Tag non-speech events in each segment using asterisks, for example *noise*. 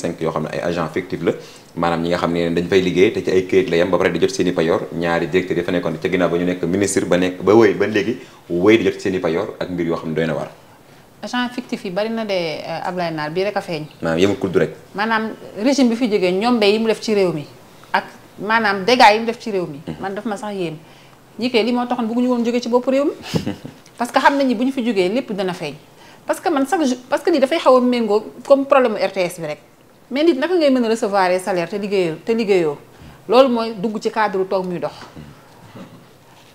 cinq yoo xam ne ay agent fictif la maanaam ñi nga xam ne dañ fay liggéey te ci ay këyit la yem ba pare di jot seen i yoo xam ne doy na war agent fictif yi bari na de euh, rek a feeñ maanaam yëmul kudd rek maanaam régime bi fi jógee ñoom yi mu def ci réew mi ak maanaam dégâts yi mu def ci réew mi mhm. man daf ma sax yéem ñi koy li moo taxoon bëgguñu woon jógee ci bopp réew mi *laughs* parce que xam nañu bu ñu fi jógee lépp dana feeñ parce que man chaque parce que lii dafay xaw a méngoo comme problème RTS bi rek mais nit naka ngay mën a recevoir salaire te liggéeyoo te loolu mooy dugg ci cadre toog muy dox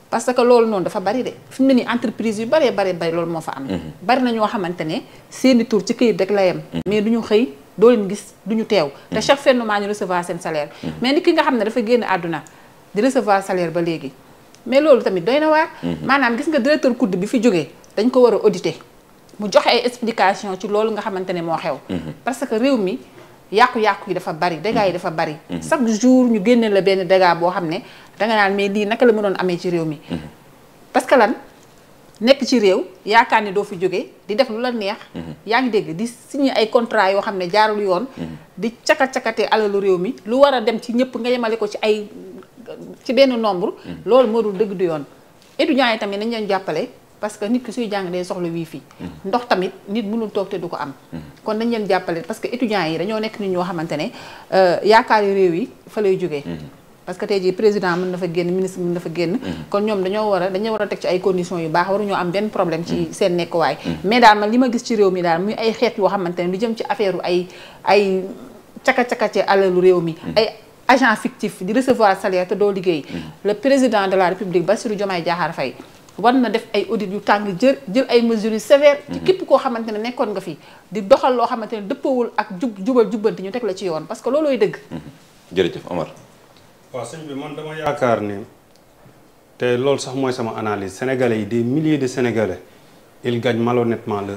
parce que loolu noonu dafa bari de fi mu ni nii entreprise yu baree baree bari loolu moo fa am. Mhm. bari na ñoo xamante ne seeni tour ci kayit rek la yem. Mhm. mais du ñu xëy doo gis du ñu teew. te mhm. chaque fin maa mois ñu recevoir seen salaire. mais nit ki nga xam ne dafa génn àdduna di recevoir salaire ba léegi mais loolu tamit doy na waar. maanaam gis nga directeur COUD bi fi jógee dañ ko war a auditer mu joxe ay explication ci loolu nga xamante ne moo xew. que réew mi. yàqu-yàqu yi dafa bari dégâts yi mhm. dafa bari. Mhm. chaque jour ñu génnee la benn dégât boo xam ne danga naan mais lii naka la mënoon amee ci réew mi. Mhm. parce que lan nekk ci réew yaakaar ni doo fi jóge di def lu la neex. yaa ngi dégg di signé ay contrat yoo xam ne jaarul yoon. di caka cakatee alalu réew mi lu war a dem ci ñëpp nga yemale ko ci ay ci benn nombre. loolu moo dul dëgg du yoon. étudiants yi tamit nañ leen jàppale parce que nit ki suy jàng day soxla wifi. ndox tamit nit mënul toog du ko am. kon dañ leen jàppale parce que étudiants yi dañoo nekk nit ñoo xamante ne euh, yaakaari réew yi fa lay jógee mm-hmm. parce que tey jii président mën na fa génn ministre mën na fa génn mm-hmm. kon ñoom dañoo war a dañoo war a teg ci ay conditions yu baax ñoo am benn problème ci mm-hmm. seen nekkuwaay mais daal man li ma gis ci réew mi daal muy ay xeet yoo xamante ne lu jëm ci affaire ay ay caka-caka ci alalu réew mi ay agent fictif di recevoir salaire te doo liggéey le président de la république Bassirou Diomaye Diakhar Faye war na def ay audit yu tàng jër jël ay mesures yu ci mhm. képp koo xamante ne nekkoon nga fi di doxal loo xamante ne dëppawul ak jub jubal jubbanti ñu teg la ci yoon parce que loolooy dëgg. Mhm. jërëjëf Omar. waaw sëñ bi man dama yaakaar ni te loolu sax mooy sama analyse sénégalais yi des milliers de sénégalais ils gagnent malhonnêtement leur